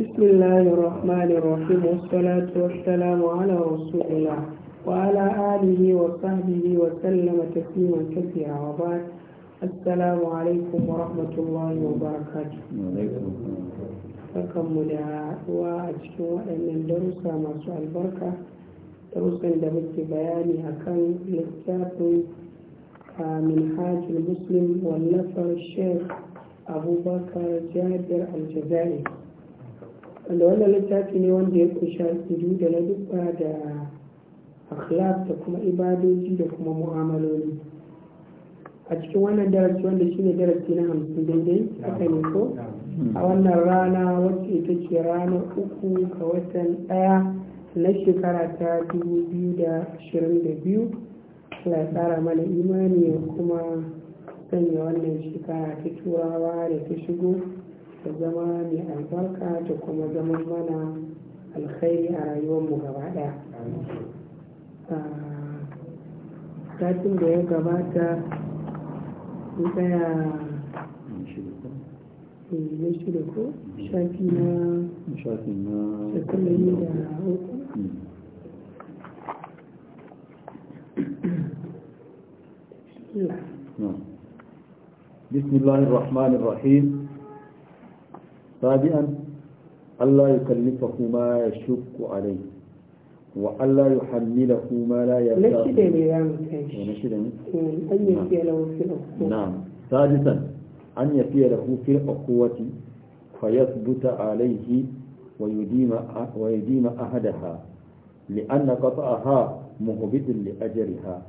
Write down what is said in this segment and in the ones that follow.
بسم الله الرحمن الرحيم والصلاة والسلام على رسول الله وعلى آله وصحبه وسلم تسليما كثيرا وبعد السلام عليكم ورحمة الله وبركاته Barkan mu da haɗuwa a cikin waɗannan darussa masu albarka, darussan da muke bayani akan littafin kamin ah, minhajul muslim wallafar sheikh abubakar jabir aljazari wanda wannan littafi ne wanda ya kusa akidu da na dubba da akhlaq da kuma ibadoji da kuma mu'amaloli a cikin wannan darasi wanda shine darasi na hamsin daidai haka ne ko a wannan rana wacce ita ce ranar uku ga watan ɗaya na shekara ta 2022 tsara mana imani kuma sanya wannan shekara ta turawa da ta shigo ta zama mai albarka ta kuma zama mana alkhairi a rayuwarmu gaba daya satin da ya gabata mun tsaya eh, shi da ko shafi na shafi na shekaru da uku hmm. بسم الله الرحمن الرحيم سابعا ألا يكلفه ما يشك عليه وألا يحمله ما لا يرضى نعم. نعم سادسا أن يفي له في الأخوة فيثبت عليه ويديم ويديم أحدها لأن قطعها مهبط لأجرها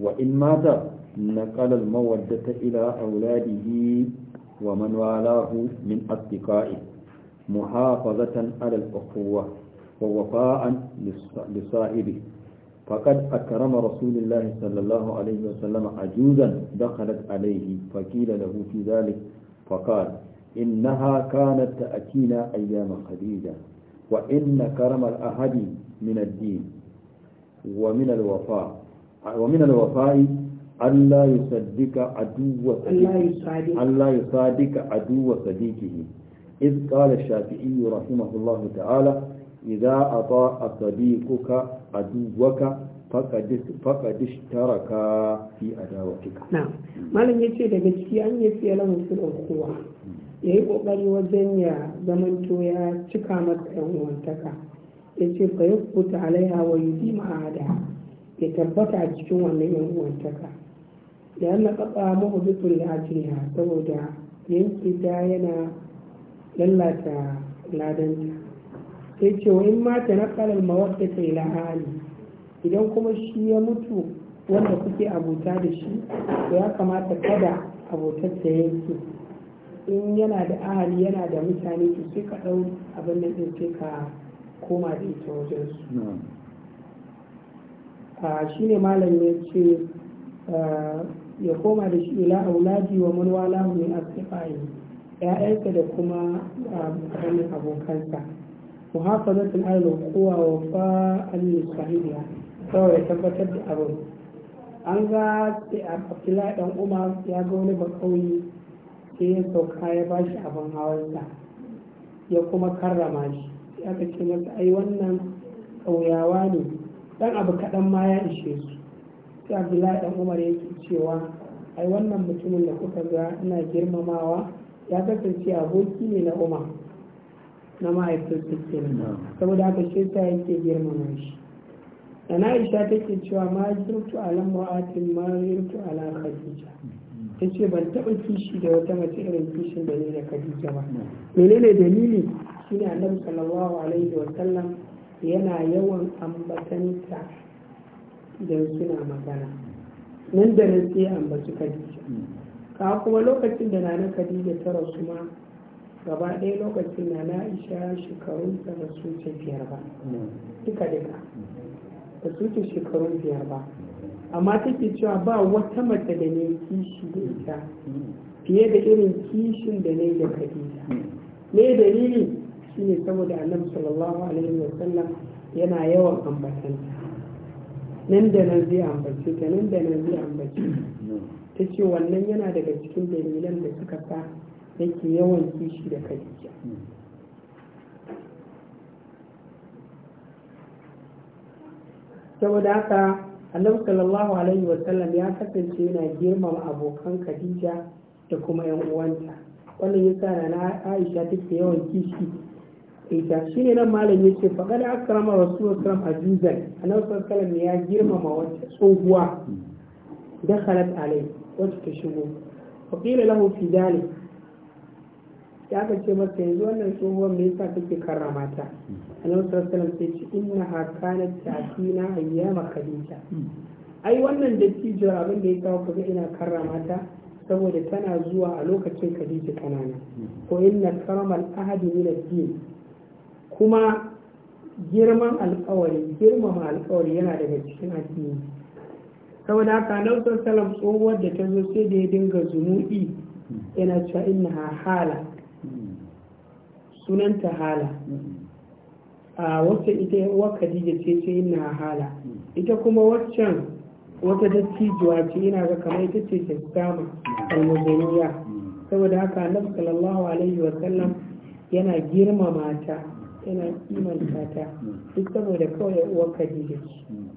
wa in mata naqala al-mawaddata ila auladihi wa man walahu min asdiqai muhafazatan ala al-ukhuwa wa wafa'an lisahibi فقد أكرم رسول الله صلى الله عليه وسلم عجوزا دخلت عليه فقيل له في ذلك فقال إنها كانت تأتينا أيام خديجة وإن كرم الأهد من الدين ومن الوفاء wa min al-wafa'i Allah ya saddika aduwa sadiqihi Allah ya saddika aduwa sadiqihi iz qala shafi'i rahimahullahu ta'ala idza ata'a sadiquka aduwaka faqad ishtaraka fi adawatika na'am malam yace daga ciki an yi fi'lan usul ukhuwa hmm. yayi kokari wajen ya zamanto ya cika masa yan uwantaka yace fa yakbuta alaiha wa yudima adaha ya tabbata a cikin wannan yan uwantaka da yana kaɓa mahubitul la'ajiriya saboda yanki ta yana lallata ladanta sai ce wa in mata na kalar mawadda ta yi idan kuma shi ya mutu wanda kuke abuta da shi to ya kamata kada abotar ta yanki in yana da ahali yana da mutane to sai ka ɗau abin da sai ka koma da ita wajen su. shi ne malam ya ce ya koma da shi ila auladi wa man wala min asfai ya'yansa da kuma kanin abokansa muhafazatul ailo kowa wa fa alil sahibiya kawai ya tabbatar da abin an ga abdullahi dan umar ya ga wani bakauyi sai ya sauka ya ba shi abin hawansa ya kuma karrama shi ya ce masa ai wannan ƙauyawa ne dan abu kaɗan ma ya ishe su sai abdullahi dan umar ya ce cewa ai wannan mutumin da kuka ga ina girmamawa ya kasance aboki ne na umar na ma'aikatar kenan saboda haka shi ta yake girmama shi da na isha ke cewa ma zirtu a mu'atin ma zirtu ala khadija ta ce ban taɓa kishi da wata mace irin kishin da ne da khadija ba menene dalili shine annabi sallallahu alaihi wa sallam yana yawan ambatanta don suna magana nan da nan sai ambaci Kadija. ka kuma lokacin da nana Kadija ta rasu ma gaba ɗaya lokacin na na isha shekarun ta ba biyar ba duka duka Da su ce biyar ba amma take cewa ba wata mace da ne kishi da ita fiye da irin kishin da ne da Kadija. me dalili shine saboda annabi sallallahu alaihi wa sallam yana yawan ambatan nan da nan zai ambace ta nan da nan zai ambace ta ce wannan yana daga cikin dalilan da suka sa yake yawan kishi da khadija saboda haka annabi sallallahu alaihi wa sallam ya kasance yana girmama abokan khadija da kuma yan uwanta wannan yasa na aisha take yawan kishi ita shi ne nan malam ya ce faɗa da a rasulullah a azizan annabi ne ya girmama wata tsohuwa da khalat alai wacce ta shigo fa lahu fi ya ka ce masa yanzu wannan tsohuwar mai sa kake karrama ta nan sallallahu alaihi sai ce inna ha tafi na ayyama kadija ai wannan dattijo abin da ya kawo kaga ina karrama ta saboda tana zuwa a lokacin kadija kanana ko inna karamal ahadi min ad-din kuma girman alkawari girmama alkawari yana daga cikin addini saboda haka nan sun salam tsohuwar da ta zo sai da ya dinga zunubi yana cewa ina hala sunanta hala a wacce ita wa khadija ce ce ina hala ita kuma waccan wata dattijuwa ce ina ga kamar ita ce ta sama almuzaniya saboda haka annabi sallallahu alaihi wa sallam yana girmama ta yana iman ta hmm. duk saboda kawai uwan Khadija ce hmm.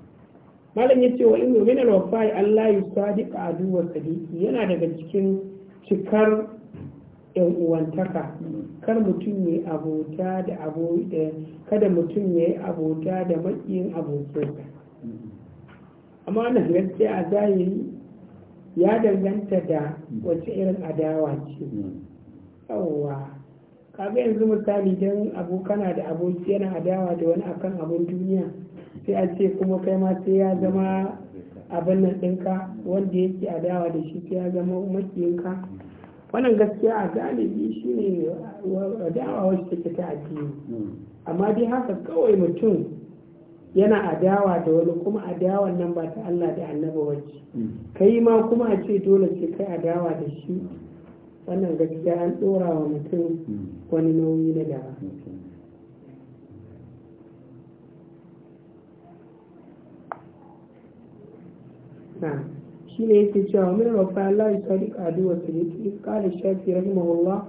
malam yace wa in min al wafai Allah yusadiq adu wa sadiqi yana daga cikin cikar yan uwantaka hmm. kar mutum ya abota da abo eh, kada mutum ya abota da makiyin abokai amma na gaskiya a zahiri ya danganta da wace irin adawa ce yawwa kaga yanzu misali don abokana da aboki yana adawa da wani akan abin duniya sai a ce kuma kai ma sai ya zama abin nan ɗinka wanda yake adawa da shi sai ya zama makiyinka wannan gaskiya a galibi shi ne adawa wacce take ta addini amma dai haka kawai mutum yana adawa da wani kuma adawan nan ba ta Allah da annaba wacce mm. kai ma kuma a ce dole ce kai adawa da shi wannan gaskiya an dora wa mutum hmm. wani nauyi na da na shi ne yake cewa min rafa Allah ya sadiq adu wa sadiq qala shafi rahimahullah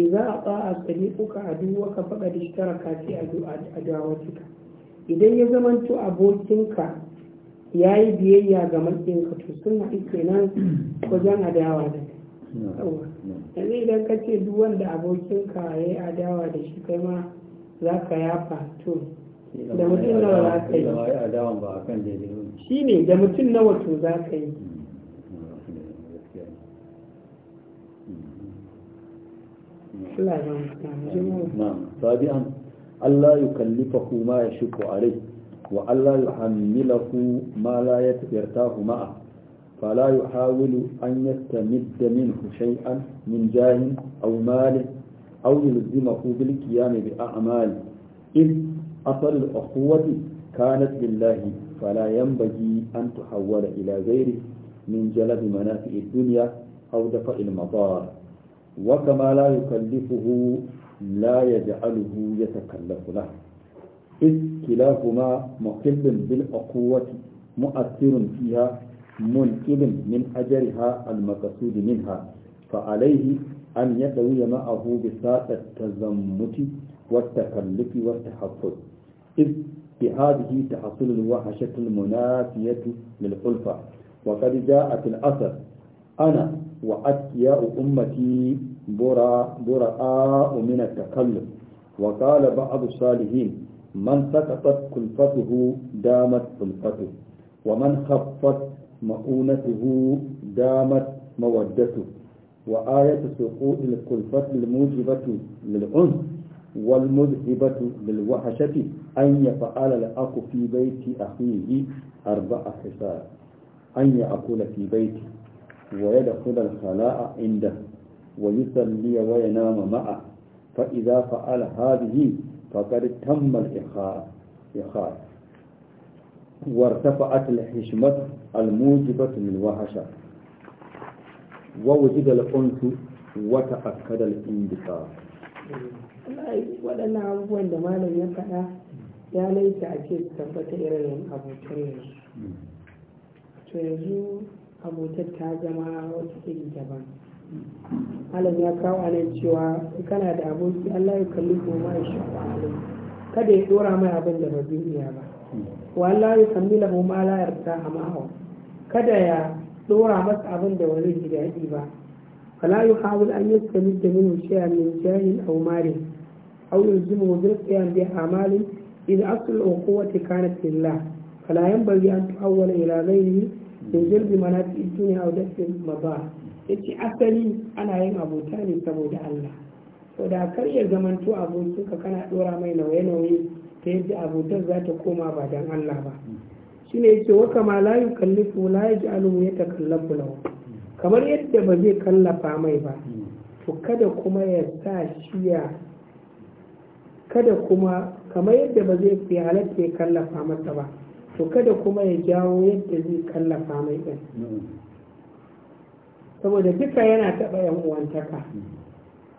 ka ata'a da shi faqad ishtaraka a adawatika idan ya zamanto abokinka ya yi biyayya ga matsayinka to suna haɗu kenan wajen adawa da saboda yanzu idan ka ce duk wanda abokinka ya yi adawa da shi kai ma za ka yafa to da mutum nawa za ka yi shi ne da mutum nawa to za ka yi hmm, hmm. Sabi'an Allah yukallifa kuma ya shi ku wa Allah yuhammilahu ma la ya tafiyarta kuma a فلا يحاول أن يستمد منه شيئا من جاه أو مال أو يلزمه بالقيام بأعمال إذ أصل الأخوة كانت لله فلا ينبغي أن تحول إلى غيره من جلب منافع الدنيا أو دفع المضار وكما لا يكلفه لا يجعله يتكلف له إذ كلاهما مقل بالأخوة مؤثر فيها منقل من أجرها المقصود منها فعليه أن يدوي معه بساط التزمت والتكلف والتحفظ إذ بهذه تحصل الوحشة المنافية للألفة وقد جاء في الأثر أنا وأتياء أمتي براء من التكلف وقال بعض الصالحين من سقطت كلفته دامت كلفته ومن خفت مؤونته دامت مودته وآية سقوط الكلفة الموجبة للأنس والمذهبة للوحشة أن يفعل الأخ في بيت أخيه أربع حصار أن يأكل في بيته ويدخل الخلاء عنده ويصلي وينام معه فإذا فعل هذه فقد تم الإخاء إخاء وارتفعت الحشمة الموجبة للوحشة ووجد الأنس وتأكد الاندفاع waɗannan abubuwan da malam ya faɗa ya laita a ce tabbata irin abokan yanzu to yanzu abotar ta zama wata iri daban malam ya kawo nan cewa kana da aboki allah ya kalli goma kada ya ɗora mai abin da ba ba wa Allah sami kammilahu ma la yarda amahu kada ya dora masa abin da wani ji daɗi ba fala yuhawil an yastamid da min shay'an min jahin aw idan aw yulzimu bil qiyam bi amalin إذ أصل الأخوة an لله wani ينبغي ne da إلى mana ta جلب منافع a أو دفع ya ce asali ana yin abota ne saboda Allah to da kar ya zamanto abokinka kana dora mai nauye-nauye ta yadda abotar za ta koma ba don Allah ba shi ne yake wa kama layu kallifu layu ji alumu ya ta kallafu lau kamar yadda ba zai kallafa mai ba to kada kuma ya sa shiya kada kuma kamar yadda ba zai fi halatta ya kallafa masa ba to kada kuma ya jawo yadda zai kallafa mai ɗin mm. saboda duka yana taɓa yan uwantaka mm.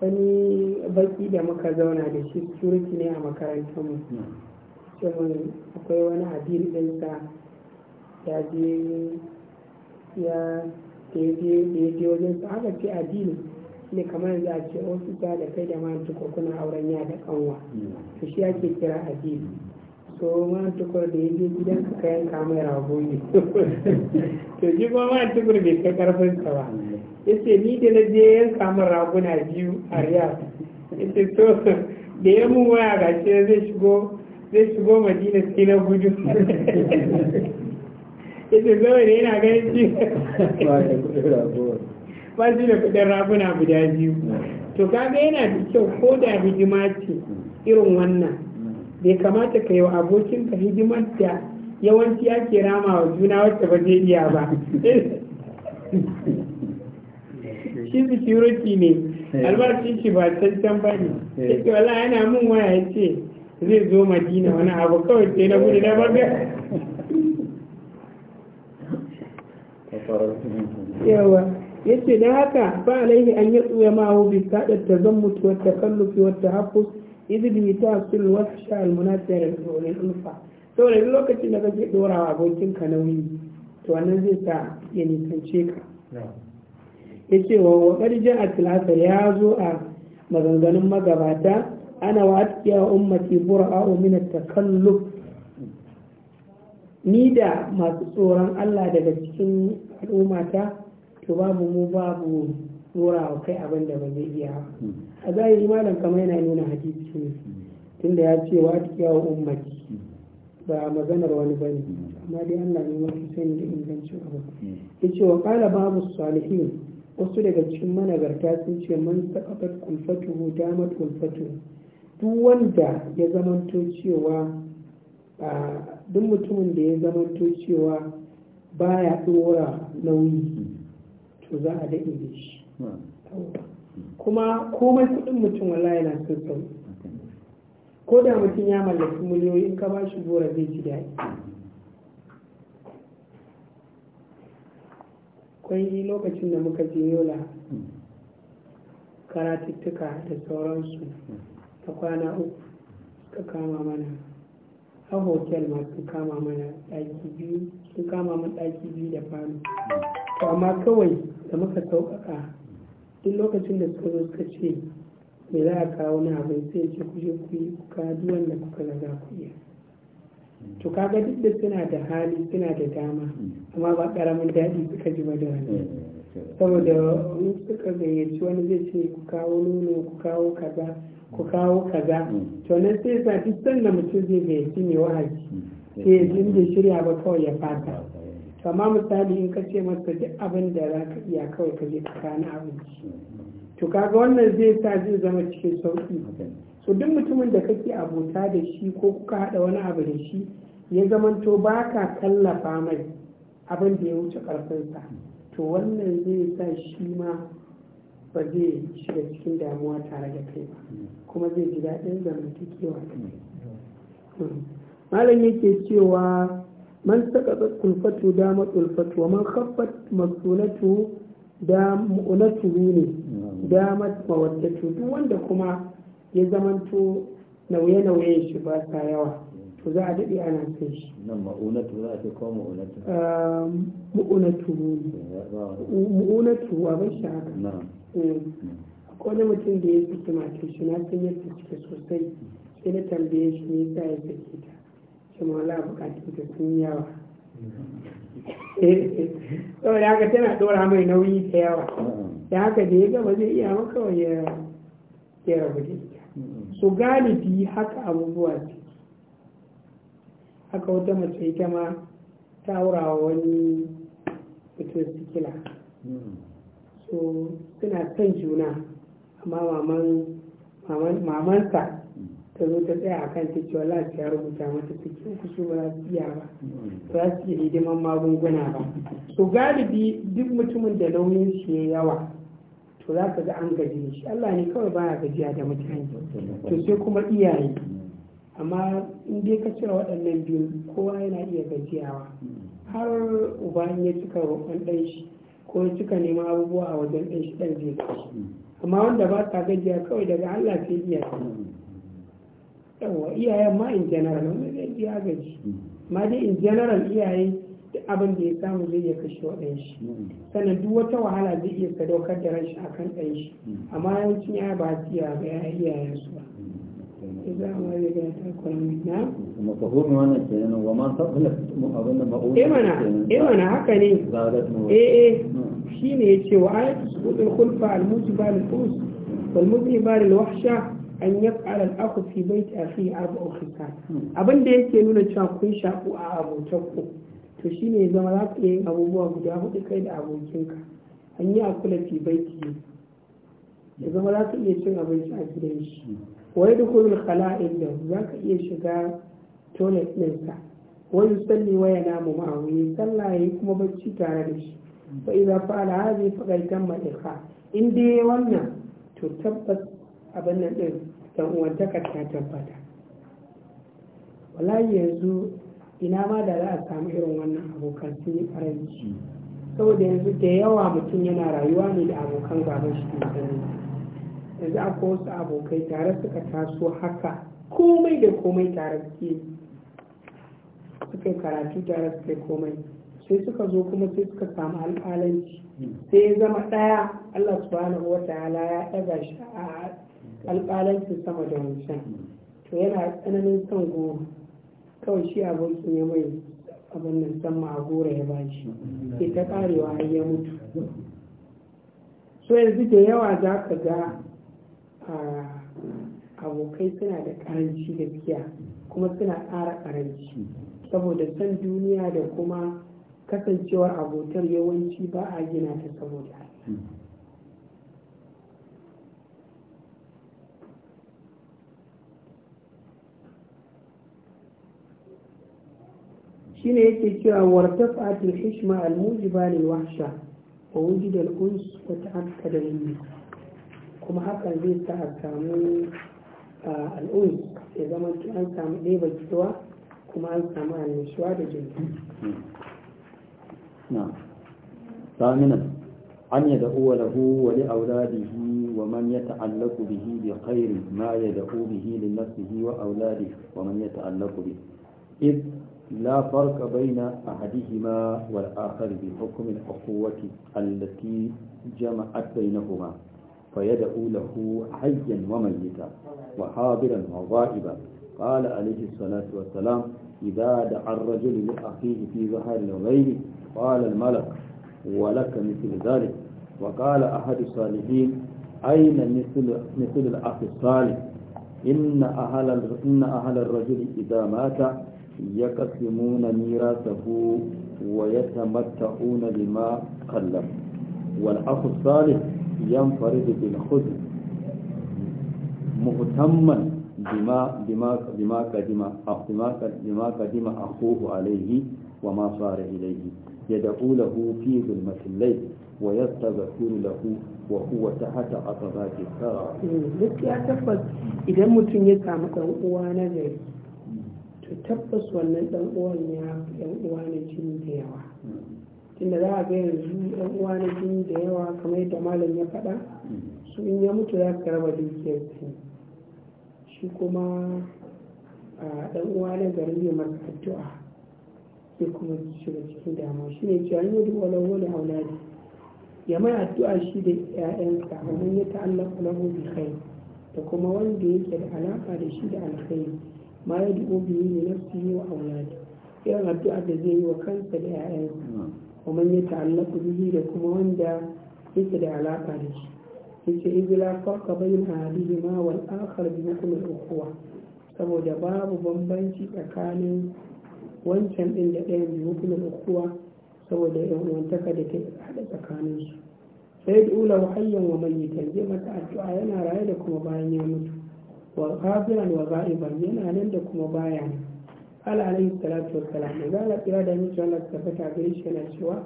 wani baki da muka zauna da shi turki ne a makarantar mu cewa hmm. akwai wani abin ɗinsa ya je ya je wajen su haka ce adil ne kamar yanzu a ce ofisa da kai da ma ko auren ya da kanwa hmm. to shi ake kira adini so man tukur da ya gidan ka kayan kamar rago ne to ji ba man tukur bai kai karfin ka ba yace ni da na je yan kamar raguna biyu a riya yace to da ya mun waya ga ce zai shigo zai shigo madina sai na gudu yace zama ne yana ganin ci ba shi da kudin raguna guda biyu hmm. to kaga yana da kyau ko da hidima ce irin wannan bai kamata ka yi wa abokinka hidimar da yawanci ake rama wa juna wacce ba zai iya ba shi security ne eh. albarkin shi ba can ba ne eh. yake wala yana mun waya ya ce zai zo madina wani abu kawai sai na gudu na baga yawa ya ce haka ba alaihi an yi tsuya ma'ahu bisa ta zan mutu wata kallufi wata hafus ta bitasul wahsha al munasir ulil ulfa saboda duk lokacin da kake dorawa abokin ka nauyi to wannan zai sa ya nisance ka yace wa wa qarja a ya zo a maganganun magabata ana wa atiya ummati bura'u min at-takalluf ni da masu tsoron Allah daga cikin al'ummata to babu mu babu dora wa kai abin da ba zai iya hmm. a zahiri malam kamar yana nuna hadisi ne hmm. tunda ya ce wa kiyawa ummati hmm. ba maganar wani bane amma dai Allah ne mafi sani da ingancin abu ce wa qala babu salihi wasu daga cikin managarta sun ce man saqafat kulfatuhu damat kulfatu duk wanda ya zamanto cewa duk mutumin da ya zamanto cewa baya dora nauyi to za a daɗe da shi kuma komai kudin mutum wala yana son sau ko da mutum ya mallaki miliyoyi in ka ba shi gora zai ji daɗi yi lokacin da muka je yola karatuttuka da sauransu ta kwana uku suka kama mana a hotel ma sun kama mana ɗaki biyu sun kama mana ɗaki biyu da falo to amma kawai da muka sauƙaƙa duk lokacin da suka zo suka ce me za a kawo na abin sai ce kuje ku yi ku wanda kuka ga ku iya to kaga duk da suna da hali suna da dama amma ba karamin daɗi suka ji ba da wani eh, eh, eh. saboda wani suka gayyaci wani zai ce ku kawo nono ku kawo kaza ku kawo kaza mm. to nan sai sa duk sanda mutum zai gayyaci mai wa'azi mm. sai ya shirya ba kawai ya fata amma misali in ka ce masa duk abin da za ka iya kawai ka je ka kana abinci to kaga wannan zai sa zai zama cikin sauki so duk mutumin da kake abota da shi ko kuka haɗa wani abu da shi ya zamanto ba ka tallafa mai abin da ya wuce ƙarfinsa to wannan zai sa shi ma ba zai shiga cikin damuwa tare da kai ba hmm. kuma zai ji daɗin zamantakewa da hmm. kai hmm. malam yake cewa man سقطت كلفته dama كلفته wa man مسؤولته دام مؤنته mu'unatuhu ne dama mawaddatu duk wanda kuma ya zamanto nauye-nauyen shi ba sa yawa to za a daɗe ana kai shi nan ma'unatu za a ce ko ma'unatu ma'unatu ma'unatu shi haka wani mutum da ya saki matar shi na san yadda suke sosai sai na tambaye shi ne sa ya saki ta shi mawala bukatun ta sun yawa saboda haka tana ɗora mai nauyi da yawa da haka da ya gaba zai iya maka ya ya rabu da ita so galibi haka abubuwa ce haka wata mace ita ma ta aura wani mutum sikila so suna son juna amma maman mamansa ta zo ta tsaya a kan ta cewa lati ya rubuta mata suke su ba za su iya ba ba za su iya hidiman magunguna ba to galibi duk mutumin da nauyin shi ya yawa to za ka ga an gaji shi Allah ne kawai baya gajiya da mutane to sai kuma iyaye amma in dai ka cire waɗannan biyu kowa yana iya gajiyawa har uba ya cika roƙon ɗan shi ko ya cika neman abubuwa a wajen ɗan shi ɗan zai amma wanda ba sa gajiya kawai daga Allah sai iya yawa iyayen ma in general wani zai ji agaji ma dai in general iyaye da abin da ya samu zai iya kashe wa ɗanshi sannan duk wata wahala zai iya sadaukar da ranshi a kan ɗanshi amma yawancin ya ba su iya ga iyayen su ba za a mara ga kwanan na mafahimin wannan kenan wa ma sabula abin da ma'uwa eh mana eh mana haka ne eh eh shine yace wa ayatu sudul khulfa al-mujiba lil-us wal-mujiba lil-wahsha an yi fara aku fi bai ta fi abu ofisa abin da yake nuna cewa kun shaku a ku to shi ne zama za ka yin abubuwa guda hudu kai da abokinka an yi akula fi bai ta ya zama za ka iya cin abinci a gidan shi wani duk wani kala'in da za ka iya shiga toilet ɗinsa wani salli waya namu wani sallah ya yi kuma bacci tare da shi fa iza fa'ala hadhihi faqad tamma ikha in dai wannan to tabbas abin nan ɗin don uwantaka ta tabbata wallahi yanzu ina ma da za a samu irin wannan abokan sun yi ƙaranci saboda yanzu da yawa mutum yana rayuwa ne da abokan gaba shi da yanzu akwai wasu abokai tare suka taso haka komai da komai tare suke suka karatu tare suka komai sai suka zo kuma sai suka samu alƙalanci sai ya zama ɗaya Allah subhanahu wa ta'ala ya ɗaga shi a alƙalanci sama da wancan to yana tsananin son goma kawai shi abokin ya mai abin nan sama a goro ya bashi ke ta karewa ya mutu so yanzu da yawa za ka ga abokai suna da karanci gaskiya kuma suna ƙara karanci saboda san duniya da kuma kasancewar abotar yawanci ba a gina ta saboda shine yake cewa wartafa'atul hishma al-mujiba lil wahsha wa wujid al-uns wa ta'akkada minhu kuma hakan zai ta samu al-uns ya zama an samu ɗeba kitowa kuma an samu annishuwa da jin hmm. na'am ثامنا أن يدعو له ولأولاده ومن يتعلق به بخير ما يدعو به لنفسه وأولاده ومن يتعلق به إذ لا فرق بين أحدهما والآخر بحكم الأخوة التي جمعت بينهما فيدعو له حيا وميتا وحاضرا وغائبا قال عليه الصلاة والسلام إذا دعا الرجل لأخيه في ظهر الغيب قال الملك ولك مثل ذلك وقال أحد الصالحين أين مثل, مثل الأخ الصالح إن أهل, إن أهل الرجل إذا مات يقسمون ميراثه ويتمتعون بما قلم والأخ الصالح ينفرد بالخزن مهتما بما بما بما قدم بما بما قدم أخوه عليه وما صار إليه يدعو له في ظلمة الليل ويستغفر له وهو تحت عصبات الثرى. لك يا تفضل إذا متن يسعى مثلا وانا غير to tabbas wannan dan uwan ya yan uwa ne jini da yawa tunda za a ga yanzu yan uwa ne jini da yawa kamar yadda malam ya faɗa su in ya mutu za ka raba dukiyar su shi kuma a dan uwa ne garin ne masa addu'a sai kuma shiga cikin damuwa shi ne cewa yau da wani wani auladi ya mai addu'a shi da ƴaƴansa domin ya ta'allaka lahu bi khair da kuma wanda yake da alaka da shi da alkhairi ma ya dubo biyu ne na su yi wa auladi irin addu'a da zai yi wa kansa da 'ya'yansa hmm. kuma ya ta'allaku bihi da kuma wanda yake da alaka da shi yace farka bayin bayna ma wal akhar bi hukm al ukhuwa saboda babu bambanci tsakanin wancan din da ɗayan bi hukm al ukhuwa saboda yan da ta hada tsakanin su sai da ula wa hayyan wa mayyitan zai mata addu'a yana raye da kuma bayan ya mutu wa kafiran wa ga'iban yana nan da kuma baya nan ala alaihi salatu wassalam da zala kira da miki Allah ta tabbata gare shi yana cewa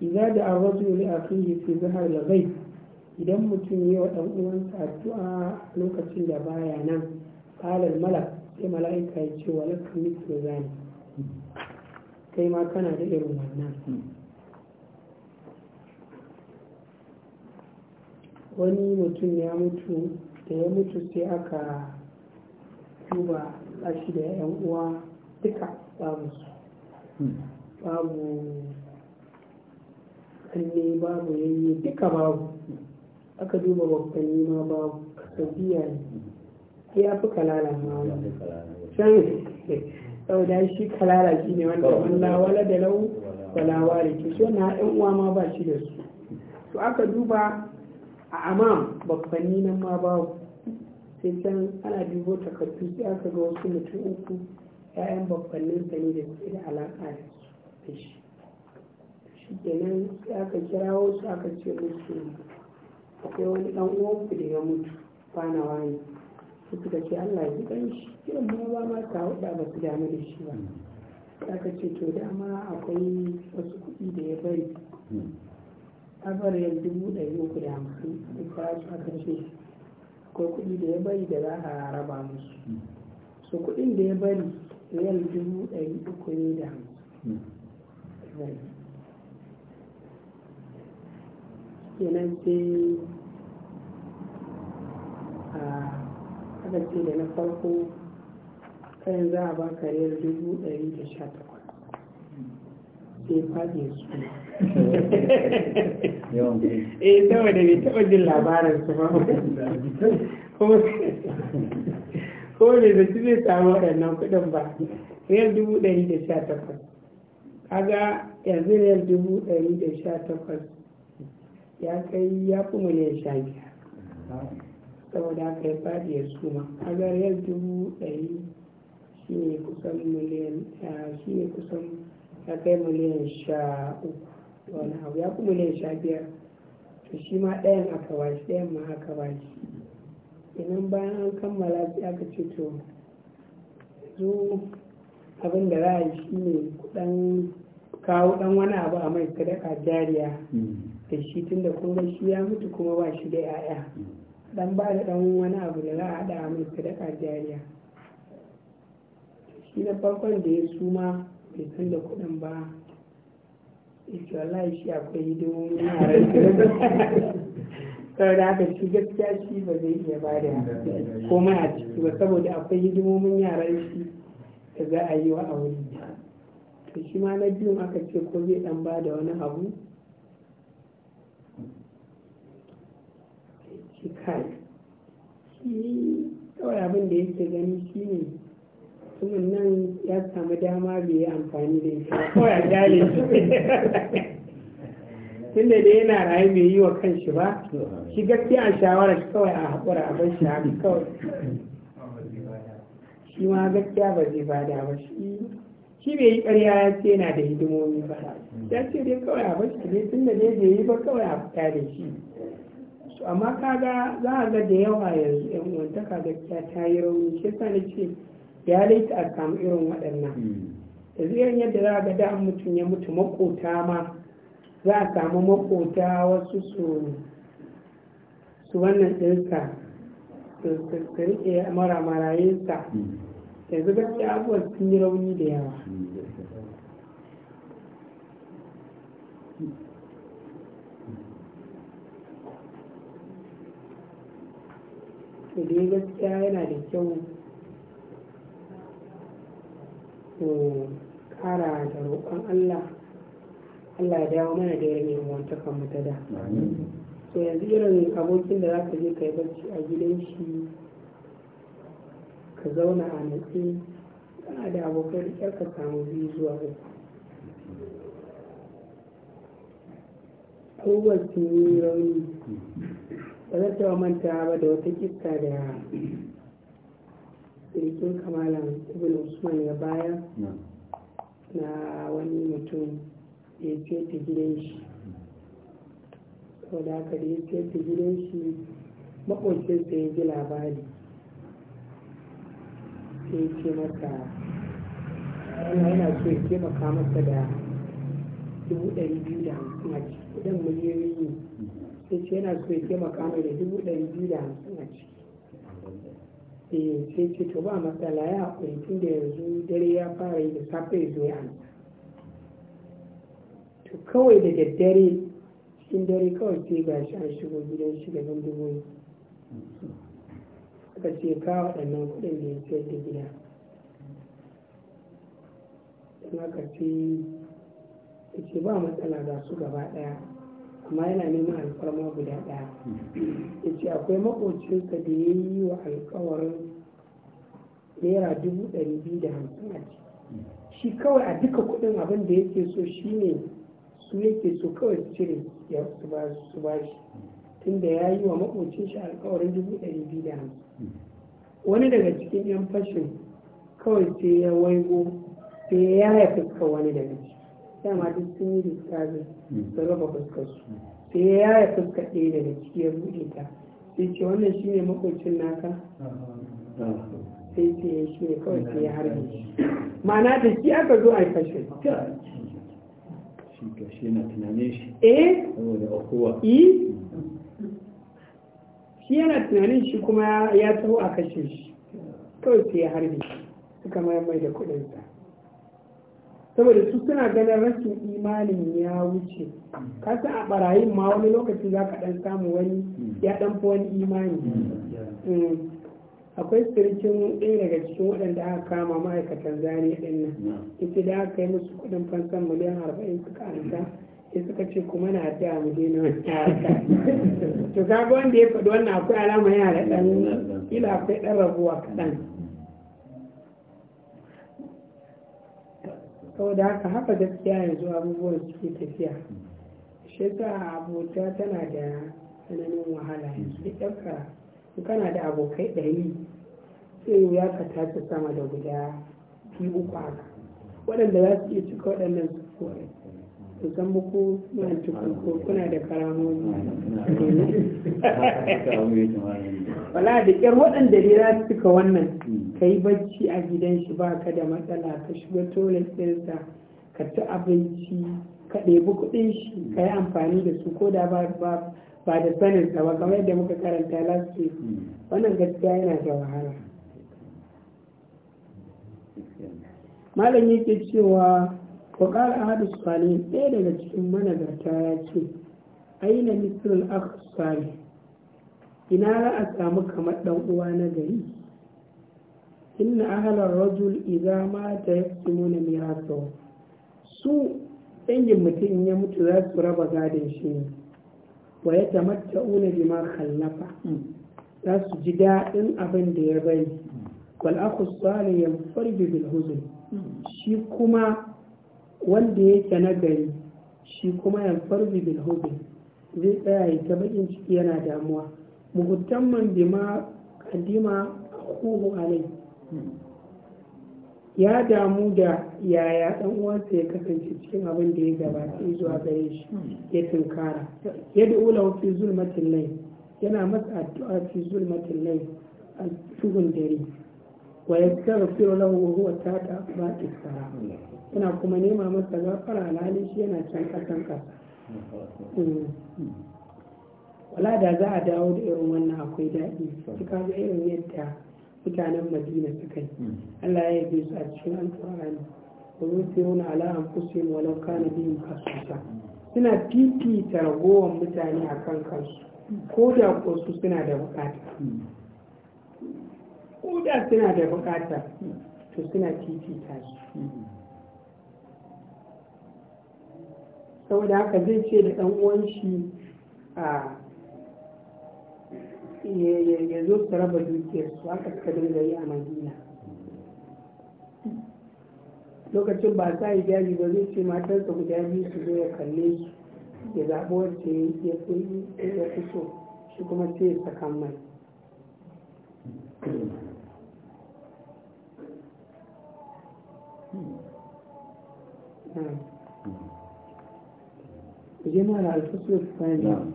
idza da arrajulu li akhihi fi zahar al idan mutum ya wa dan uwansa addu'a lokacin da baya nan qala al-malak sai mala'ika ya ce wa laka mithlu zani kai ma kana da irin wannan wani mutum ya mutu da ya mutu sai aka duba shi da 'yan uwa duka babu su hmm. babu kalle babu yayye duka babu hmm. aka duba babban ma babu kasabiya ne hmm. ya fi kalala ma wani sau da shi kalala shi ne wanda wala lawala da lau wala wale ke so na yan uwa ma ba shi da su to aka duba a amam babban ma babu sai can ana dubo takardu sai aka ga wasu mutum uku ‘ya'yan babbannin sa ne da su da alaƙa da shi shi kenan sai aka kira wasu aka ce musu akwai wani ɗan uwanku da ya mutu bana wani su suka ce Allah ya ji shi kiran mu ba ma ta hudu ba su damu da shi ba sai aka ce to dama akwai wasu kuɗi da ya bari hmm. abar yanzu dubu ɗari uku da hamsin aka ce akwai kuɗi da ya bari da za a raba musu so kuɗin da ya bari riyal dubu ɗari uku ne da hamsin kenan a aka ce da na farko kayan za a baka riyal dubu ɗari da sha takwas eh saboda bai taɓa jin labarin su ba ko ne da su zai samu waɗannan kuɗin ba riyal dubu ɗari da sha takwas kaga yanzu riyal dubu ɗari da sha takwas ya kai ya fi miliyan sha biyar saboda aka yi faɗi ya suma kaga riyal dubu ɗari shi ne kusan miliyan eh, shi ne kusan ya kai miliyan sha uku wani abu ya miliyan sha biyar to shi ma ɗayan aka bashi ɗayan ma aka bashi idan bayan an kammala sai aka ce to yanzu abin da za a yi shi ne kuɗan kawo ɗan wani abu a mai sadaka jariya da shi tunda kuma shi ya mutu kuma ba shi da 'ya'ya dan ba da dan wani abu da za a haɗa mai sadaka jariya shi na farkon da ya suma bai da kuɗin ba wallahi shi akwai hidimomi yara da haka shi gaskiya shi ba zai iya ba da komai a ciki ba saboda akwai hidimomin yaran shi da za a yi wa aure to shi ma na biyun aka ce ko zai dan ba da wani abu shi kai shi kawai abin da yake gani shi ne mutumin nan ya samu dama bai yi amfani da ita ko ya dale su tunda da yana raye bai yi wa kanshi ba shi gaskiya a shawarar kawai a haƙura a bar shi haka kawai shi ma gaskiya ba zai bada ba shi shi bai yi ƙarya ya ce yana da hidimomi ba ya ce dai kawai a bar shi dai tunda dai bai yi ba kawai a fita da shi amma kaga za a ga da yawa yanzu yan uwantaka gaskiya ta yi rauni shi yasa ce ya laita a samu irin waɗannan da hmm. zirin yadda za ga da mutum ya mutu makota ma za a samu makota wasu su su wannan ɗinsa su riƙe mara Da hmm. yanzu gaskiya abubuwan sun yi rauni da yawa Idan hmm. gaskiya yana da kyau mu kara da roƙon Allah Allah ya dawo mana da irin yin wantakan mu da to yanzu irin abokin da zaka je ka yi barci a gidan shi ka zauna a natsi kana da abokai da ka samu biyu zuwa uku abubuwan rauni ba taɓa manta ba da wata kista da rikin kamalan ibn usman ya baya na wani mutum ya ce ta gidan shi da aka da ya ce ta gidan shi makwacinsa ya ji labari sai ce maka yana so ya taimaka masa da dubu ɗari biyu da hamsin a ciki kudin miliyoyi ne sai ce yana so ya taimaka mai da dubu ɗari biyu da hamsin a ciki eh sai ce to ba matsala ya haƙuri tun da yanzu dare ya fara yi da safe zuwa ya to kawai da daddare cikin dare kawai ce ga shi an shigo gidan shi da aka ce ka waɗannan kuɗin da ya sayar da gida don haka sai ce ba matsala ga su gaba ɗaya amma yana neman alfarma guda ɗaya ya ce akwai makocinsa da ya yi wa alkawarin naira dubu ɗari biyu da hamsin a ce shi kawai a duka kuɗin abin da yake so shi ne su yake so kawai su cire ya su ba shi da ya yi wa makocin shi alkawarin dubu ɗari biyu da hamsin wani daga cikin yan fashin kawai sai ya waigo sai ya haifi wani daga ciki dama duk sun yi lissafi da hmm. raba fuskarsu sai ya yaya fuskar ɗaya daga ciki ya buɗe ta sai ce wannan shi ne makwacin naka sai ce ya shi ne kawai sai ya harbe shi ma'ana da shi aka zo a yi fashe shi yana tunanin shi eh e? shi yana tunanin shi kuma ya taho a kashe shi kawai sai ya harbe shi suka mai mai da kuɗinsa saboda su suna ganin rashin imanin ya wuce kasa a barayin ma wani lokaci za ka dan samu wani ya dan fi wani imani mm. akwai sirikin ɗaya daga cikin waɗanda aka kama ma'aikatan zane ɗin nan ita da aka yi musu kuɗin fansan miliyan arba'in suka amsa sai suka ce kuma na a mu daina harka to kaga wanda ya faɗi wannan akwai alama yana da ɗan ila akwai ɗan rabuwa kaɗan saboda haka haka gaskiya yanzu abubuwan suke tafiya shi sa abota tana da tsananin wahala yanzu ɗauka kana da abokai ɗari sai ya ka tafi sama da guda biyu uku haka waɗanda za su iya cika waɗannan su sukuwai ku san muku na kuna da karamomi wala da ƙyar waɗanda ne za su cika wannan ka yi bacci a gidan shi ba ka da matsala ka shiga toilet ɗinsa ka ci abinci ka ɗebi kuɗin shi ka yi amfani da su ko da ba da sanin ba kamar yadda muka karanta last wannan gaskiya yana da wahala malam yake cewa وقال أحد الصالحين إيه لنا تكون من برتاياتي أين مثل الأخ الصالح إن لا أسامك na وانا جري إن أهل الرجل إذا مات يقسمون ميراثه su dangin mutum ya mutu za su raba gadin shi ne wa ya tamatta una bima kallafa za su ji daɗin abin da ya bai. wal aku salih yanfarbi shi kuma wanda yake nagari shi kuma ya farbi bil zai tsaya ya ta bakin ciki yana damuwa muhtamman ma kadima akuhu alai ya damu da yaya dan uwansa ya kasance cikin abin da ya gabata zuwa gare shi ya tunkara ya ula fi zulmatin lai yana masa addu'a fi zulmatin lai a cikin dare wa yastaghfiru lahu wa huwa tata baqis sara ina kuma nema masa gafara alhali shi yana can kasan kasa hmm. wala da za a dawo da irin wannan akwai daɗi su ga irin yadda mutanen madina suka yi hmm. allah ya yi su a cikin alƙur'ani wa yusiruna ala anfusihim walau kana bihim khasusa suna fifita ragowar mutane a kan kansu hmm. ko da ko suna da bukata koda suna da bukata to suna ta su saboda haka zai ce da ɗan uwan shi a ya zo su raba dukiyar su aka suka dinga yi a madina lokacin ba sa yi jari ba zai ce matarsa guda biyu su zo ya kalle su ya zaɓi wacce ya fi so shi kuma sai ya saka mai جمعنا الفصل الثاني نعم.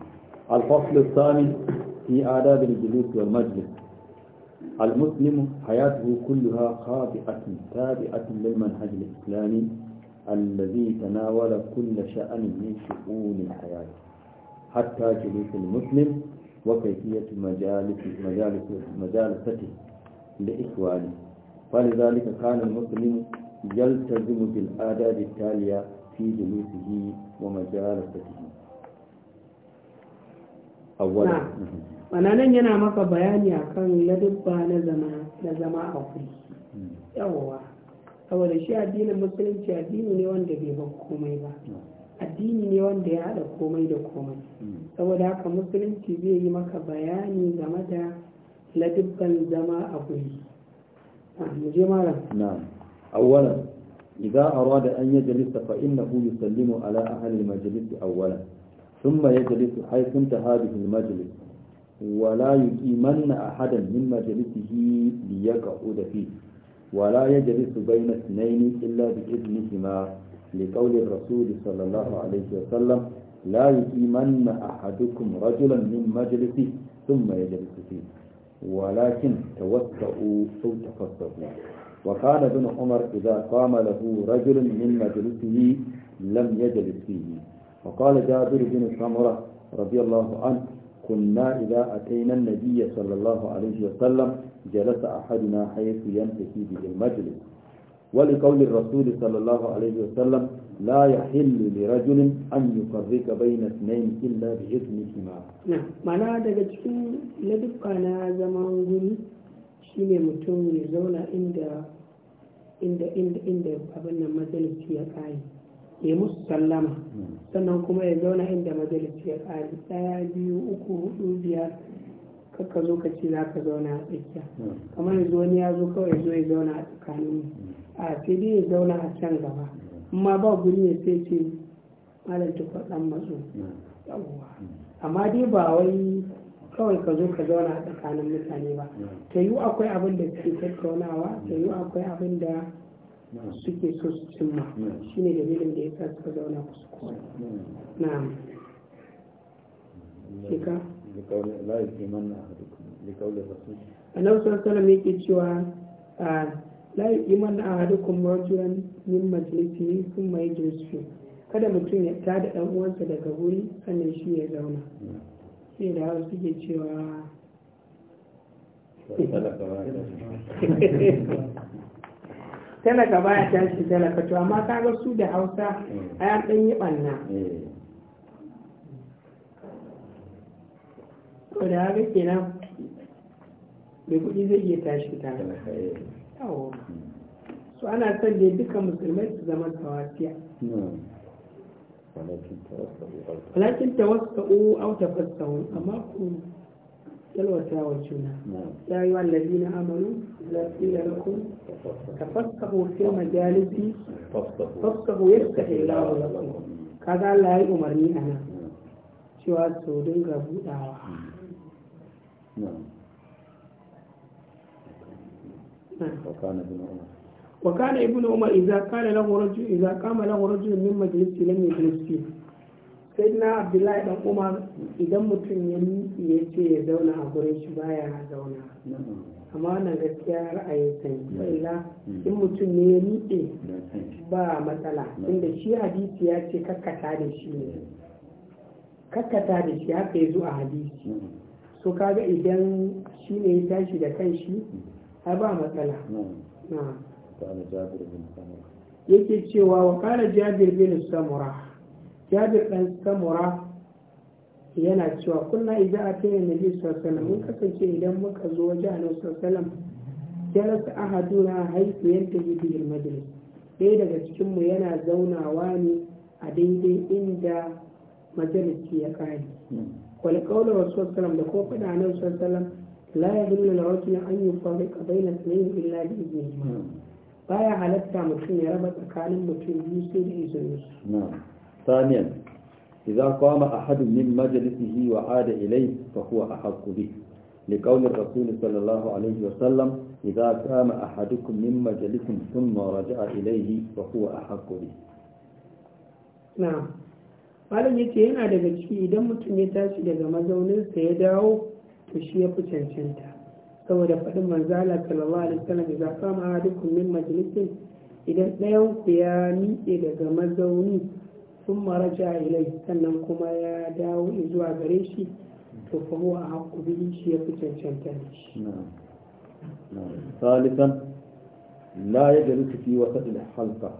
الفصل الثاني في آداب الجلوس والمجلس المسلم حياته كلها خاطئة تابعة للمنهج الإسلامي الذي تناول كل شأن من شؤون الحياة حتى جلوس المسلم وكيفية مجالس مجالس مجالسته لإخوانه فلذلك كان المسلم يلتزم بالآداب التالية في جلوسه ومجالسته أولا wannan yana maka bayani akan ladubba na zama na zama a kuri yawwa saboda shi addinin musulunci addini ne wanda bai ba komai ba addini ne wanda ya haɗa komai da komai saboda haka musulunci zai yi maka bayani game da ladubban zama a kuri mu je malam أولا إذا أراد أن يجلس فإنه يسلم على أهل المجلس أولا ثم يجلس حيث انتهى به المجلس ولا يقيمن أحدا من مجلسه ليقعد فيه ولا يجلس بين اثنين إلا بإذنهما لقول الرسول صلى الله عليه وسلم لا يقيمن أحدكم رجلا من مجلسه ثم يجلس فيه ولكن توسعوا أو تفسقوا وقال ابن عمر إذا قام له رجل من مجلسه لم يجلس فيه وقال جابر بن سمرة رضي الله عنه كنا إذا أتينا النبي صلى الله عليه وسلم جلس أحدنا حيث ينتهي به المجلس ولقول الرسول صلى الله عليه وسلم لا يحل لرجل أن يفرق بين اثنين إلا بإذنهما نعم معناها daga cikin laduka na zaman guri shi ne mutum ya zauna inda inda inda abin nan majalisi ya kayi ya musu sallama sannan kuma ya zauna inda majalisi ya kare daya biyu uku hudu biyar kakka zo ka za ka zauna a tsakiya kamar yanzu ya zo kawai ya zo ya zauna a tsakanin a sai ya zauna a can gaba amma ba guri ya sai ce malam tukwa dan matso yawwa amma dai ba wai kawai ka zo ka zauna a tsakanin mutane ba ta yi akwai abin da suke tattaunawa ta yi akwai abin da suke so su cimma shi ne dalilin da ya sa suka zauna su kowa na shika annabi sallallahu yake cewa ah, la yu'man ahadukum rajulan min sun thumma yajlisu kada mutum ya tada dan uwansa daga wuri sannan shi ya zauna sai da hausa suke cewa talaka baya tashi talaka to amma ga su da hausa mm. a yan ɗan yi ɓanna mm. to da haka kenan mai kuɗi zai iya tashi talaka eh. yawo mm. so ana son dai duka musulmai su zama tawasiya walakin tawassa'u aw tafassahu amma ku yalwata wa juna ya yi wallazi na amalu la ila lakum fi majalisi tafassahu yastahi Allahu lakum kaga Allah ya yi umarni a nan cewa su dinga budawa وكان ابن عمر إذا قال له رجل إذا قام له رجل من مجلسه لم يجلس فيه سيدنا عبد الله بن عمر إذا متن يمي يجي يزونا أقريش بايا زونا amma wannan gaskiya ra'ayin sani illa in mutum ne ya miƙe ba matsala inda shi hadisi ya ce kakkata da shi ne kakkata da shi haka ya zo a hadisi so kaga idan shi ne ya tashi da kan shi a matsala kana jabir bin samura yake cewa wa kana jabir bin samura jabir dan samura yana cewa kunna a atayna nabi sallallahu alaihi mun kasance idan muka zo wajen annabi sallallahu alaihi wasallam jalasa ahaduna haythu yantahi bihi majlis daga cikin mu yana zaunawa ne a daidai inda majalisi ya kare wal qawlu rasul sallallahu da ko fada annabi sallallahu alaihi wasallam la yadullu al-rajul an yufarriqa bayna ithnayn illa bi baya halatta mutum ya raba tsakanin mutum biyu sai da izinin su na'am thaniyan idza qama ahadun min majlisihi wa ada ilayhi لقول الرسول صلى الله عليه وسلم إذا قام أحدكم من مجلس ثم رجع إليه فهو أحق به نعم malam yace yana daga ciki idan mutum ya tashi daga mazauninsa ya dawo to shi ya fi cancanta saboda faɗin manzo Allah sallallahu alaihi wasallam idan kama ahadukum min majlisin idan ɗayan ku ya miƙe daga mazauni sun maraja ilai sannan kuma ya dawo zuwa gare shi to fa huwa ahqqu bihi shi ya fi cancanta shi ثالثا لا يجلس في وسط الحلقة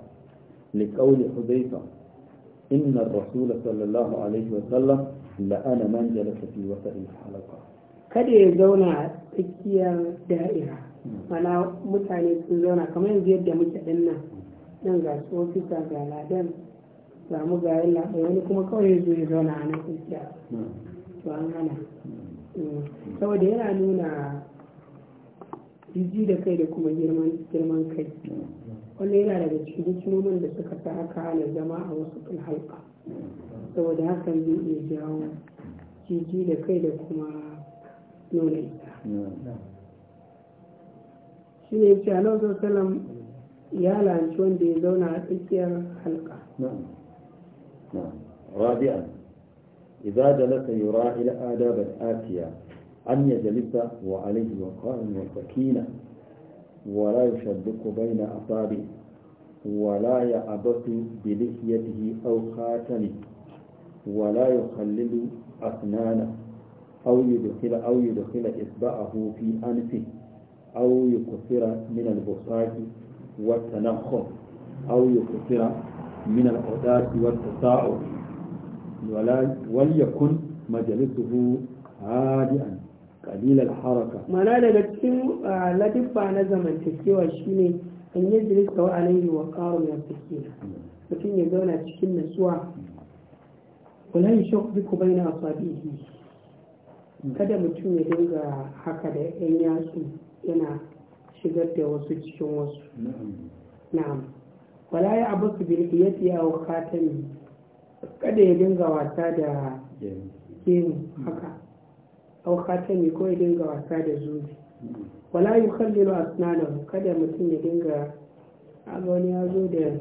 لقول حذيفة إن الرسول صلى الله عليه وسلم لأنا من جلس في وسط الحلقة kada ya zauna a tsakiyar da'ira mana mutane sun zauna kamar yanzu yadda muke din nan nan ga su ofisa ga ladan ga mu ga yin wani kuma kawai yanzu zo ya zauna a nan tsakiya to an hana mm. saboda yana nuna jiji da kai da kuma girman kai wannan yana daga cikin hikimomin da suka sa aka hana zama a wasu halka saboda hakan zai iya jawo jiji da kai da kuma nuna ita shi ne ce alaihi salam ya lanci wanda ya zauna a نعم halka نعم. نعم. رابعا إذا جلس يراعي الآداب الآتية أن يجلس وعليه وقار وسكينة ولا يشبك بين أصابعه ولا يعبث بلحيته أو خاتمه ولا يخلل أسنانه أو يدخل أو يدخل إصبعه في أنفه أو يكثر من البصاق والتنخر أو يكثر من الأداة والتساؤل ولا وليكن مجلسه هادئا قليل الحركة معناه daga cikin latifa na zamantakewa shine an yi jilista wa alaihi wa qaru ya sakina mutum ya zauna cikin natsuwa wala yushaq biku baina asabihi kada mutum ya dinga haka da yan yatsu yana shigar da wasu cikin wasu na'am wala ya abu su bilhiyati a wakatani kada ya dinga wasa da gemu haka a wakatani ko ya dinga wasa da zubi wala yi a asnanan kada mutum ya dinga a wani ya zo da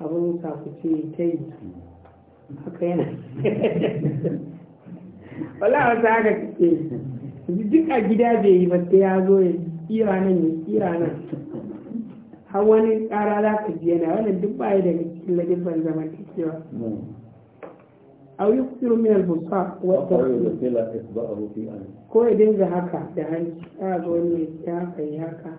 abin kafuce ta yi hmm. haka yana wala wasu haka suke duk a gida bai yi ba sai ya zo ya tsira nan ya tsira nan har wani ƙara za ka ji yana wannan duk ba yi daga cikin ladibban a أو يكثر من البصاق والتفكير ko ya dinga haka da hanci ya zo ne ya haka ya haka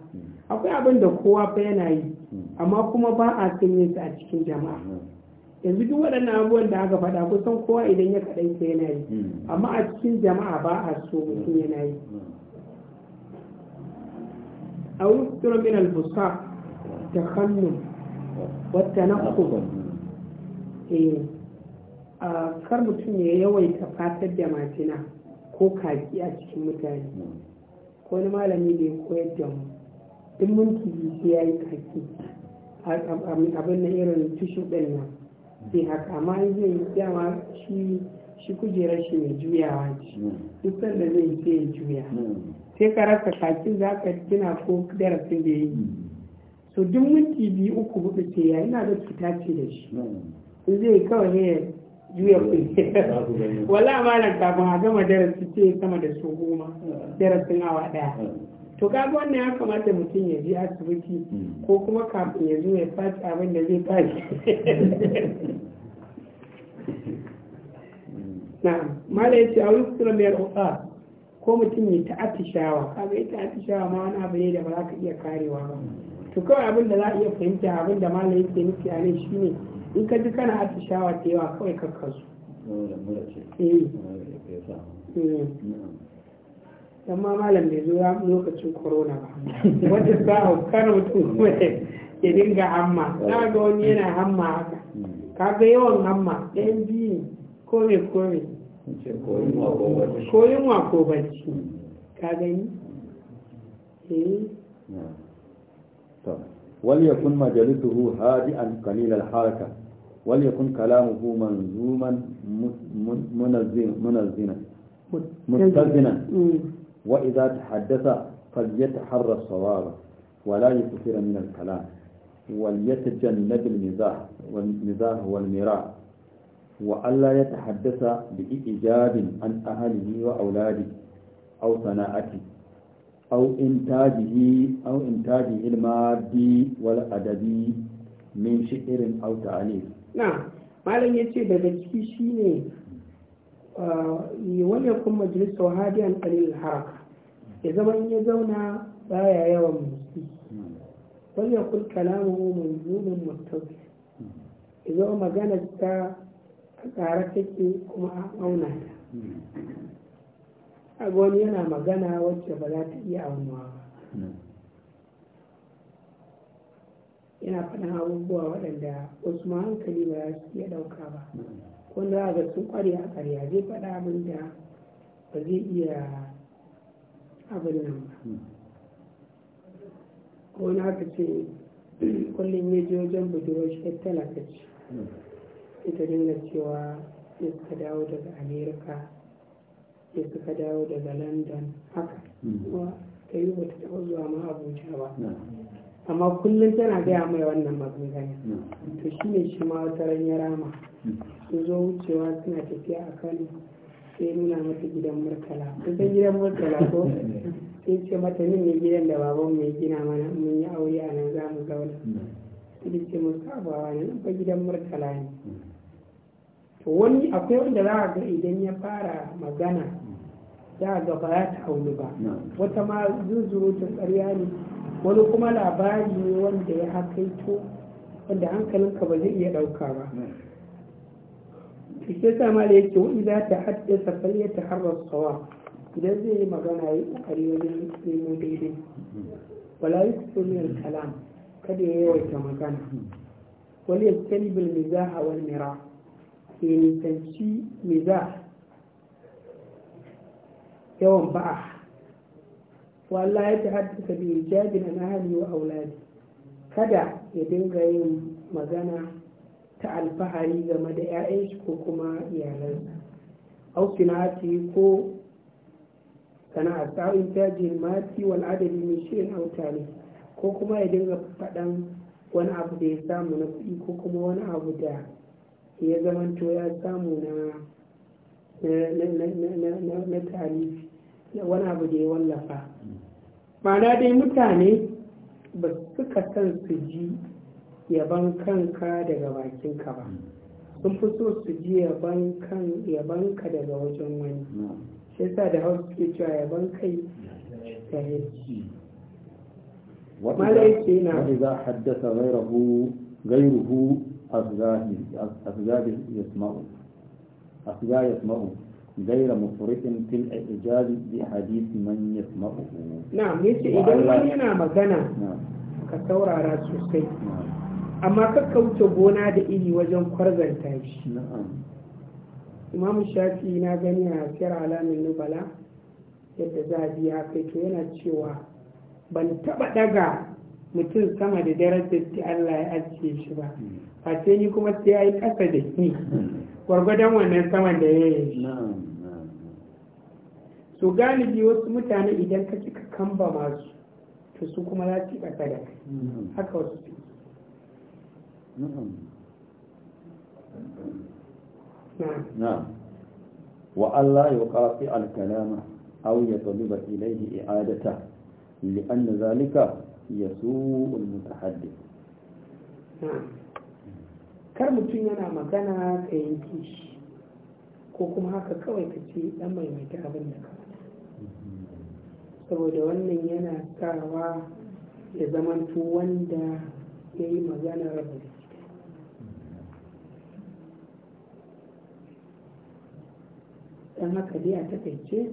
akwai abin da kowa fa yana yi hmm. amma kuma ba a sanye su a cikin jama'a hmm. yanzu duk waɗannan abubuwan da aka faɗa kusan kowa idan ya kaɗai sai yana yi hmm. amma a cikin jama'a ba a so mutum yana yi hmm. a wusturan bin alfusa ta hannun wata na hmm. eh, a kar mutum ya yawaita fatar da matina ko kaki a cikin mutane ko wani malami da ya koyar da mu in mun kibi ya yi kaki abin na irin tushen ɗin nan sai haka amma zai dama shi shi kujera shi mai juyawa ce hmm. duk sanda zai ce ya juya hmm. sai ka rasa kakin za ka gina ko darasin da ya yi hmm. so duk minti biyu uku hudu ce ya ina da cuta ce da shi zai kawai ne juya kuɗi wala amalan kafin a gama darasi ce sama da su goma darasin awa ɗaya to kaga wannan ya kamata mutum ya je asibiti mm. ko kuma kafin ya zo ya faci abin da zai faci mm. na mala ya a wani kusurar mai ko mutum ya ta atishawa kaga ya ta atishawa ma wani abu ne da ba za ka iya karewa ba mm. to kawai abin da za a iya fahimta abin da mala yake nufi a nan shine in ka ji kana atishawa ta yawa kawai kakkasu. Eh. amma malam bai zo ya lokacin corona ba wata ba a kano tun wata ya dinga hamma na ga wani yana hamma haka ka ga yawan hamma ɗayan biyu kome kome koyin wa ko bacci ka gani eh to wal yakun majalisuhu hadi'an qalil al haraka wal yakun kalamuhu manzuman munazzina munazzina وإذا تحدث فليتحرى الصواب ولا يكثر من الكلام وليتجنب المزاح والمزاح والمراء وألا يتحدث بإيجاب عن أهله وأولاده أو صناعته أو إنتاجه أو إنتاجه المادي والأدبي من شعر أو تعليم نعم malam ya ce daga ciki shine wani kun majalisa wa hadiyan haraka ya zama ya zauna baya yawan motsi wani kun kalamu manzumin mutawfi ya zama magana ta tsara take kuma a auna ta a wani yana magana wacce ba za ta iya ba yana faɗin abubuwa waɗanda wasu ma hankali ba za su iya ɗauka ba wanda za ga sun kware a karya zai faɗa abin da ba zai iya abin nan ba ko na haka ce kullum ya ji wajen budurwar shi talaka ce ita dinga cewa ya suka dawo daga amerika ya suka dawo daga london haka kuma ta yi ba ta taɓa zuwa ma abuja ba amma kullum tana gaya mai wannan maganganu to shi ne shi ma wata rama su zo wucewa suna tafiya a kano sai nuna mata gidan murtala kusan gidan murtala ko sai ce mata nin ne gidan da baban mai gina mana mun yi aure a nan za mu zauna sai ce mu sabawa ne nan gidan murtala ne to wani akwai wanda za a ga idan ya fara magana za a ga ba ya ta ba wata ma zuzuru ta tsariya ne wani kuma labari ne wanda ya hakaito wanda hankalinka ba zai iya ɗauka ba shi ke sama da yake wani za ta haddasa falle ta harbar tsawa idan zai yi magana ya yi ƙoƙari wajen nemo daidai wala yi kusur min kalam kada ya yawaita magana wani ya tsani bil a wani mira ya nisanci za yawan ba'a wala ya ta haddasa bi jabi na nahari wa auladi kada ya dinga yin magana ta alfahari game da 'ya'yansu ko kuma iyalansa au sinati ko a sa'in tajin mati wal adadi mai shirin autane ko kuma ya dinga faɗan wani abu da ya samu na kuɗi ko kuma wani abu da ya zamanto ya samu na na na wani abu da ya wallafa mana dai mutane ba suka san su ji yaban kanka daga bakinka ba sun fi so su ji yaban ka daga wajen wani shi sa da hau ke cewa yaban kai ta yi na wani za a haddasa gairahu gairuhu a asgahi yasma'u su ma'u غير مفرط في الإعجاز بحديث من يسمعه نعم يسي إذا yana magana ka saurara sosai amma ka kauce gona da iri wajen kwarzanta shi imam shafi na gani a siyar alamin nubala yadda za a biya kai to yana cewa ban taba daga mutum sama da darajar da Allah ya ajiye shi ba a sai ni kuma sai ya yi ƙasa da ni gwargwadon wannan saman da ya yi so galibi wasu mutane idan ka cika kamba masu to su kuma za su ɓata da haka wasu su wa Allah ya ƙafi alkalama au ya tsaluba ilayhi i'adata anna zalika ya su'ul mutahaddith kar mutum yana magana ka yanki shi ko kuma haka kawai ka ce dan maimaita abin da ka saboda wannan yana sawa ya zamantu wanda ya yi magana rabu don haka dai a takaice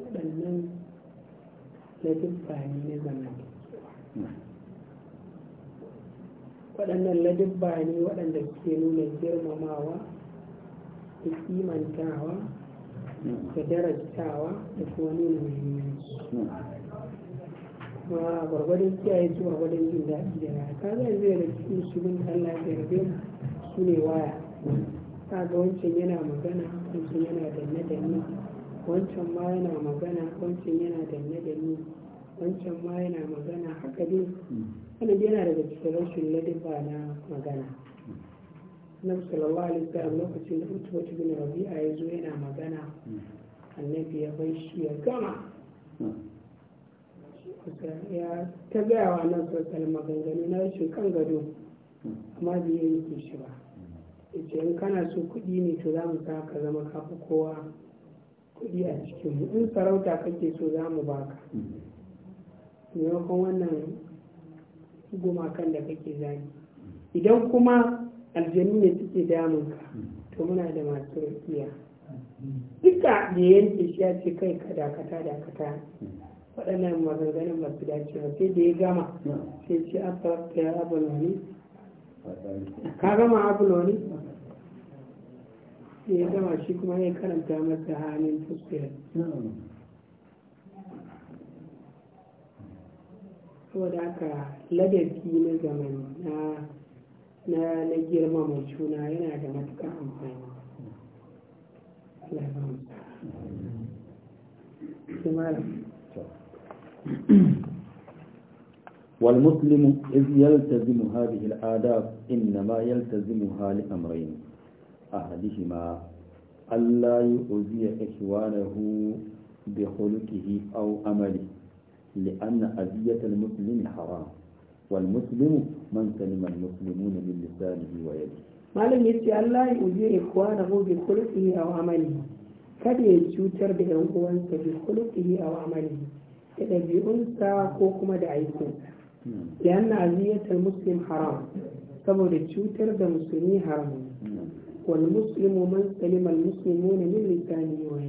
waɗannan ladubba ne na zamantakewa waɗannan ladibba ne waɗanda ke nuna girmamawa da kimantawa da darastawa da kuma nuna muhimmanci kuma gwargwadon kiyaye su gwargwadon jin daɗi da rana ka zai zai da cikin shirin allah da rabe mu su ne waya ka ga wancan yana magana wancan yana danne danne wancan ma yana magana wancan yana danne danne wancan ma yana magana haka dai wannan yana daga cikin rashin ladiba na magana na sallallahu alaihi wasallam lokacin da mutu wata bin rabi'a ya zo yana magana annabi ya bai shi ya gama hmm. ya ta gaya wa nan sosai maganganu na shi kan gado hmm. amma bai yi yake shi ba yace in kana so kuɗi ne to za mu sa ka zama kafa kowa kuɗi a cikin mu in sarauta kake so za mu baka hmm. maimakon wannan gumakan da kake zagi idan kuma aljanu ne suke damunka to muna da masu rukiya duka da yanke shi ya ce kai ka dakata dakata waɗannan maganganun masu dacewa sai da ya gama sai ce abba ya abuloni ka gama abuloni sai ya gama shi kuma ya karanta masa hannun ko saboda haka ladabi na zamani na girma mai cuna yana da matuƙar amfani والمسلم إذ يلتزم هذه الآداب إنما يلتزمها لأمرين أحدهما ألا يؤذي إخوانه بخلقه أو أمله لأن أذية المسلم حرام والمسلم من سلم المسلمون من لسانه ويده malam yace Allah ya uji da bi khuluqihi aw amalihi kada ya cutar da yan uwansa bi khuluqihi aw amalihi da dabi'unsa ko kuma da aikinsa lianna aziyatul muslim haram saboda cutar da musulmi haram wal muslimu man salima al muslimuna min lisanihi wa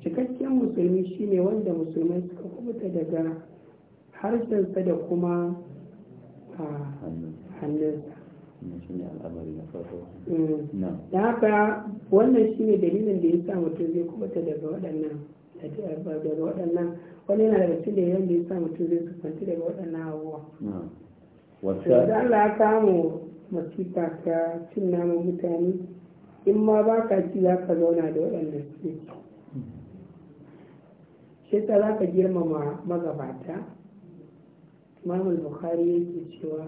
cikakken musulmi shine wanda musulmai suka kubuta daga harshensa da kuma ah, hannunsa Mm. da haka wannan shi ne dalilin da ya sa mutum zai kubata daga waɗannan daga waɗannan wani yana daga cikin dalilin da ya sa mutum zai kubanci daga waɗannan abubuwa da Allah ya kamo masifa ta cin namun mutane in ma ba ka ci za ka zauna da waɗannan suke shi ta za ka girmama magabata imamul bukhari yake cewa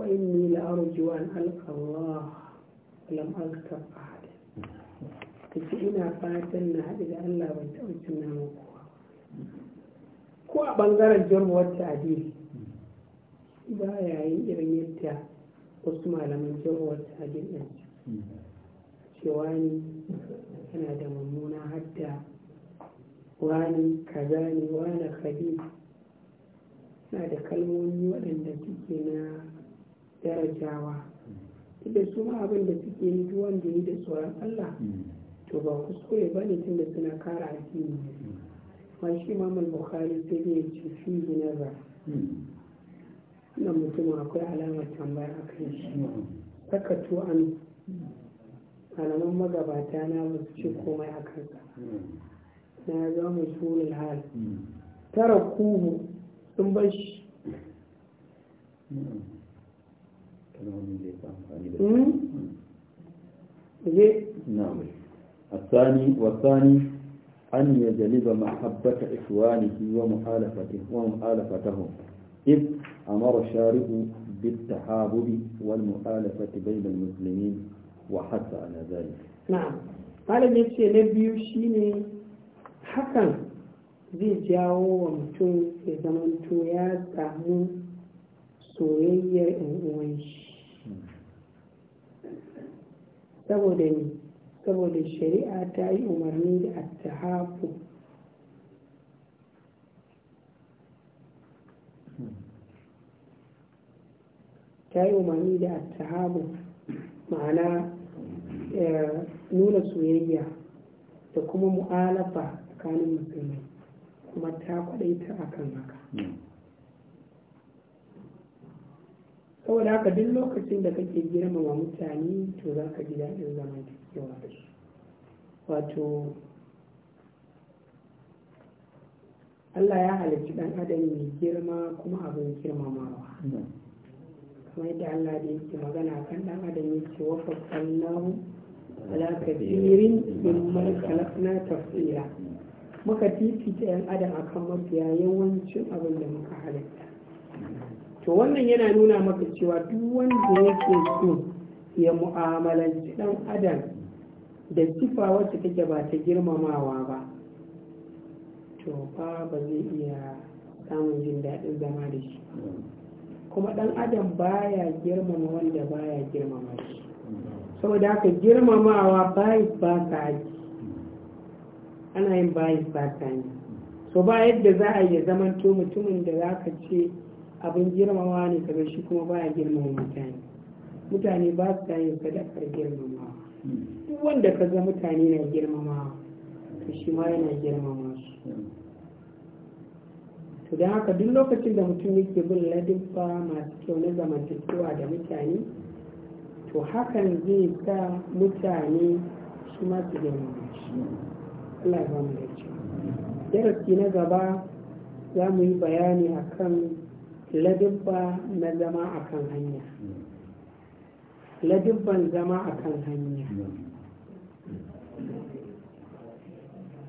wa inni la'arju an alqa Allah lam alqa kace ina fatan na haɗu da Allah ban taɓa cin nama kowa ko a ɓangaren jarmuwar ta'adili ba ya yi irin yadda wasu malaman jarmuwar ta'adil ɗin cewa ne yana da mummuna hadda wani kaza ne wani khabib na da kalmomi waɗanda suke na darajawa da su ma abin da suke yi duk wanda yi da tsoron Allah to ba kuskure ba ne tunda suna kara addini ma shi mamul bukhari sai dai ce fi nazar nan mutum akwai alamar tambaya a kan shi sakatu an alaman magabata na ba su ce komai a kansa na zama mu hal tara kuhu sun bashi kalmomin da ya fi amfani da su الثاني والثاني أن يجلب محبة إخوانه ومخالفته ومخالفتهم إذ أمر الشارع بالتحابب والمؤالفة بين المسلمين وحتى على ذلك نعم قال يتي نبيو شيني حقا zai jawo wa mutum ya zamanto ya samu soyayyar 'yan uwan shi saboda ne saboda shari'a ta yi umarni da attahafu ta yi umarni da attahabu ma'ana nuna soyayya da kuma mu'alafa tsakanin musulmai kuma ta kwadaita akan haka hmm. saboda haka duk lokacin da kake girmama mutane to za ka ji daɗin zamantakewa da su wato Allah ya halarci ɗan adam mai girma kuma abin girmamawa kuma yadda Allah da yake magana kan ɗan adam ya yake wafa kallahu ala kasirin marka na tafsira muka titi ta 'yan adam akan mafiya yawancin abin da muka halitta to wannan yana nuna maka cewa duk wanda yake so ya mu'amalanci dan adam da sifa wacce take ba ta girmamawa ba to fa ba zai iya samun jin daɗin zama da shi kuma ɗan adam baya girmama wanda baya girmama shi saboda haka girmamawa bayi ba ka aji. ana yin bayi ba ka ne so ba yadda za a yi zaman to mutumin da za ka ce abin girmama ne kaga shi kuma baya girmama mutane mutane ba su ta yin sadakar girmama duk wanda ka ga mutane na girmama to shi ma yana girmama su to don haka duk lokacin da mutum yake bin ladubba masu kyau na zamantakewa da mutane to hakan zai sa mutane su ma su girmama shi Allah ya ba mu da darasi na gaba za mu yi bayani akan ladubba na zama a kan hanya ladubban zama a kan hanya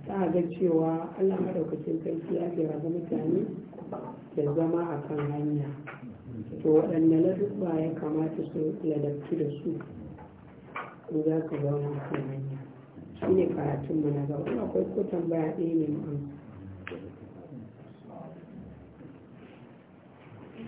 ta ga cewa allah maɗaukacin sarki ya rabu mutane da zama a kan hanya to waɗanne ladubba ya kamata su ladabci da su in za ka zauna a kan hanya shi ne karatunmu na gaba akwai ko tambaya ɗaya ne mu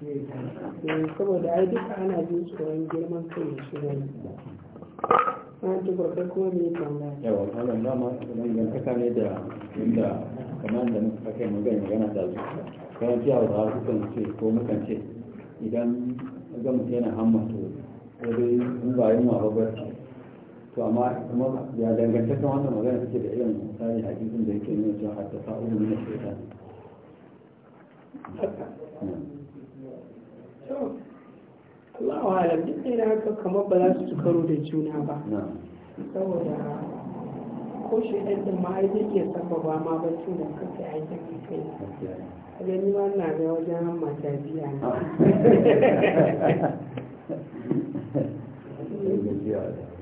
Eh, saboda ai duka ana jin tsoron girman kai da shi ne na ji barkar kuma mai tambaya yawa malam dama dangantaka ne da inda kamar da muka kai magana magana da su kan ji hausa kukan ce ko mukan ce idan ga mutum yana hamma to wani in ba yin wa ba to amma kuma ya dangantaka wannan magana take da irin misali hadisin da yake nuna cewa hatta ne min shaitan haka hmm. Allah wa alam duk da haka kamar ba za su ci karo da juna ba saboda ko shi ɗan da ma zai iya saba ba ma ba tun da kake aikin kai a gani ma na ga wajen mata biya ah.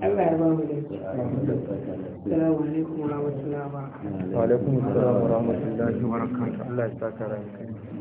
Allah ya ba mu da Salamu alaikum wa rahmatullahi wa barakatuh. Wa alaikum assalam wa rahmatullahi wa barakatuh. Allah ya saka ranka.